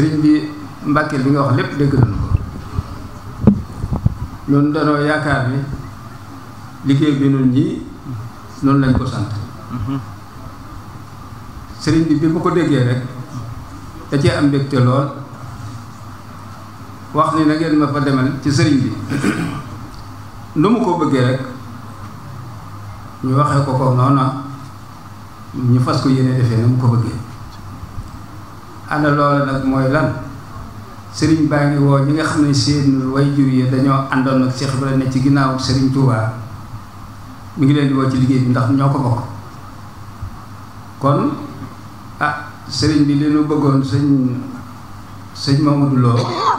sëriñ bi Mbàkke li nga wax lépp dégg nañu ko ñun danoo yaakaar ni liggéey bi ñun ñii noonu lañ ko sant sëriñ bi bi mu ko déggee rek da cee am mbégte lool wax ni na ma fa demal ci sëriñ bi nu mu ko bëggee rek ñu waxee ko ko noona ñu fas ko yéene defee nu mu ko bëggee ana loolu nag mooy lan sëriñ baa ngi woo ñi nga xam ne seen wayjur yi dañoo àndoon ak Cheikh Ibrahima ne ci ginnaaw sëriñ Touba mu ngi leen di woo ci liggéey bi ndax ñoo ko bokk kon ah sëriñ bi li nu bëggoon sëñ sëñ Mamadou Lo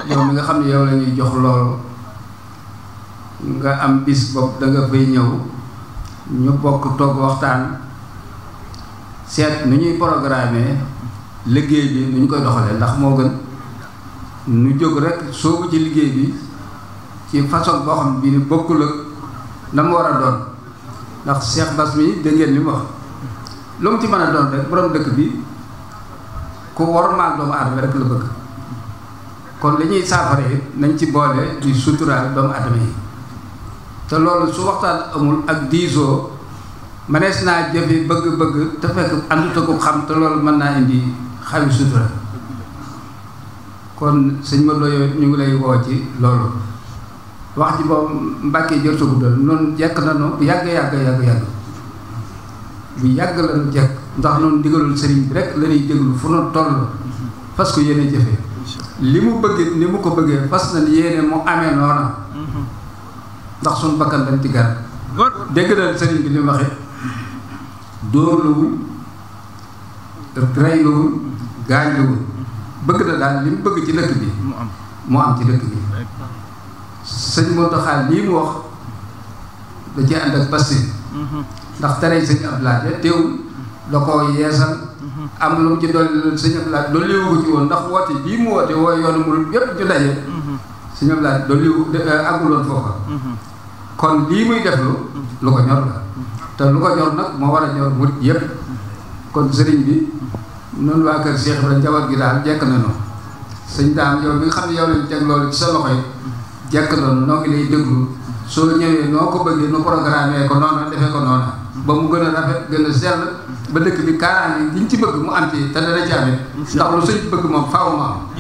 yow mi nga xam ne yow lañuy ñuy jox loolu nga am bis bopp da nga ñëw ñu bokk toog waxtaan seet nu ñuy programmer liggéey bi nu ñu koy doxalee ndax moo gën nu jóg rek soobu ci liggéey bi ci façon boo xam bii ni bokkul ak na mu war a doon ndax Cheikh Bass mi dégg ngeen li mu wax lu mu ci mën a doon rek borom dëkk bi ku wormaal doomu aadama rekk la bëgg kon li ñuy saafara nañ ci boole di suturaal doomu aadama yi te loolu su waxtaan amul ak diisoo manees naa jëfe bëgg-bëgg te fekk àndut ak xam te loolu mën naa indi xawi sutura kon sëñ Modou Lo ñu ngi lay woo ci loolu wax ji boobu Mbàkke jot sugu dal noonu jekk na no yàgg yàgg yàgg yàgg bu yàgg la nu jekk ndax noonu ndigalul sëriñ bi rek lañuy ñuy déglu fu nu toll fas ko yéene jëfee li mu bëggee ni mu ko bëggee fas na yéene mu amee noona ndax suñu bakkan dañ ci gar dégg na sëriñ bi li mu waxee dóorluwul reyluwul gaañluwul bëgg na daal li mu bëgg ci dëkk bi mu am mu am ci dëkk bi sëñ Mountakha lii mu wax da ci ànd ak passé mm-hmm. ndax tere sëñ Abdoulaye ja teewul da ko yeesal mm-hmm. am lu mu ci dolli sëñ Abdoulaye dolli wu ci woon ndax woote bii mu woote woo yoonu mu yépp ju daje mm-hmm. sëñ Abdoulaye dolli wu euh, àgguloon foofa kon lii muy def lu lu ko ñor la te lu ko ñor nag moo war a ñor murit yépp kon sëriñ bi noonu waa kër Cheikh Ibrahima njaboot gi daal jekk na nañu sëñ daam yow bi nga xam ne yow lañ teg loolu ci sa loxo yi jekk nañu noo ngi lay déglu soo ñëwee noo ko bëggee nu programme ko noonu defee ko noonu ba mu gën a rafet gën a sell ba dëkk bi kaaraange gi ñu ci bëgg mu am ci te dana ci amee ndax lu sëñ bëgg moom faaw ma